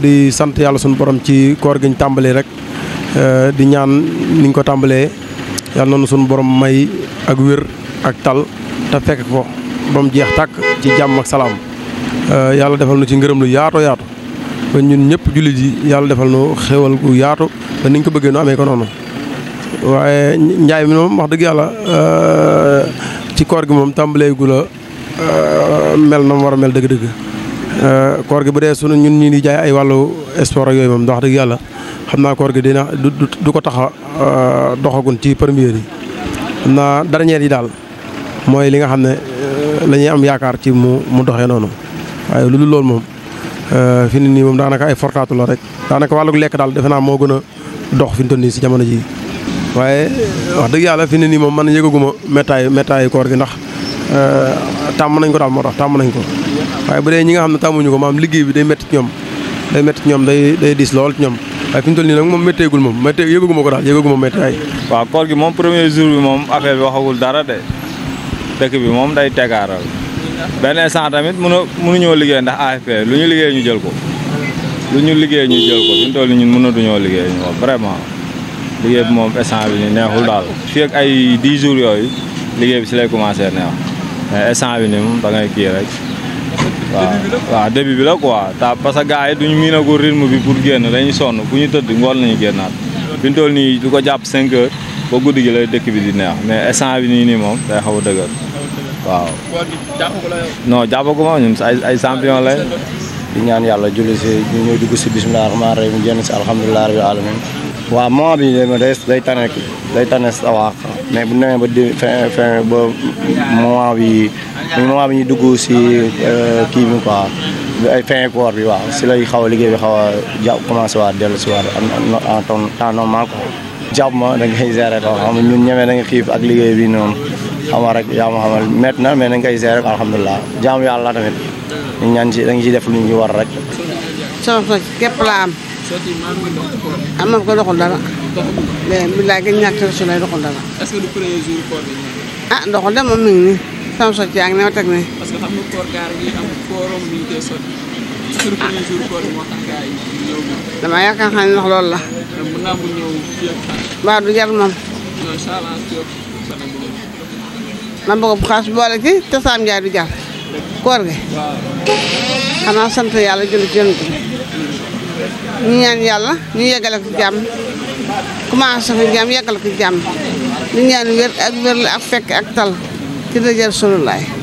di sant yàlla suñu borom ci koor gi ñu tàmbalee rek eh, di ñaan niñ ko tàmbalee yàlla noonu suñu borom may ak wér ak tal te fekk ko ba mu jeex tàkk ci jàmm ak salaam eh, yàlla defal nu ci ngërëm lu yaato yaatu ba ñun ñëpp jullit yi yàlla defal nu xéwal gu yaatu ba niñ ko bëggee nu amee ko noonu waaye njaay mi moom wax dëgg yàlla eh, ci koor gi moom tàmbalee gu la mel na mu war a mel dëgg-dëgg Euh, koor gi bu dee sunu ñun ñi di jaay ay wàllu sport ak yooyu moom wax dëgg yàlla xam naa koor gi dina du du ko taxa a euh, doxagun ci première yi. xam naa dernière yi daal mooy li nga xam ne euh, la ñuy am yaakaar ci mu mu doxee noonu waaye lu dul loolu moom fi mu ne nii moom daanaka ay fortaatu la rek daanaka wàllu lekk daal defe naa moo gën a dox fi mu toll nii si jamono ji waaye wax dëgg yàlla fi ne nii moom man yëgaguma méttaay méttaay koor gi ndax tàmm nañ ko daal moo tax tàmm nañ ko. waaye bu dee ñi nga xam ne tàmmuñu ko maam liggéey bi day métti ñoom day métti ñoom day day diis lool ñoom waaye fi ñu toll nii nag moom métteegul moom métte ko daal yëgaguma métte ay waaw koor gi moom premier jour bi moom affaire bi waxagul dara de dëkk bi moom day tegaaral benn instant tamit mënu mënuñoo liggéey ndax AFP lu ñu liggéey ñu jël ko lu ñu liggéey ñu mu ko fi ñu toll nii ñun mënatuñoo liggéey ñu ko vraiment liggéey bi moom instant bi ñu neexul daal fii ay 10 jours yooyu liggéey bi si lay commencé neex mais instant bi nii moom da rek waaw début bi la quoi ta parce que gars yi duñu miinagul bi pour génn dañuy sonn bu ñu tëdd ngoon lañu génnaat bi ñu toll nii du ko jàpp 5 heures ba guddi gi la dëkk bi di neex mais instant bi nii nii moom day xaw a dëgër waaw non jàppagu ma ñun ay ay champion lañ di ñaan yàlla julli si ñu ñëw dugg si bisimilah rahmaani rahim génn si alhamdulilah rabbil alamin waaw moment bi day day tane day tane sa bu ñu ba fin fin ñu moment bi ñuy dugg si euh, kii bi quoi ay fin koor bi waaw si lay xaw a liggéey bi xaw a jàpp commencé waat dellu si waat en temps normal quoi. ma da ngay gérer quoi xam ñun ñemee da nga xiif ak liggéey bi noonu xam nga rek yaa ma xamal métti na mais da nga koy gérer quoi alhamdulilah jaamu yàlla tamit ñu ñaan ci da ciy def lu ñu war rek. soo ko képp laa am. am na ko doxul dara. mais bilaay gi ñàkk su lay doxul ah doxul de moom mi ngi sama socc yaa ne ma teg ne. parce que xam nga yaakaar xam ne loolu la. donc mën naa mu ñëw fii ak xaar. du jar moom. non incha bu xaas boole ci te Sam du jar. koor gi. xanaa sant yàlla jëli jënd bi. ñu ñaan yàlla ñu yeggale ko jàmm. commencé ko jàmm yeggale ko jàmm. ñu ñaan wér ak wér ak fekk ak tal. ki dajal solo laay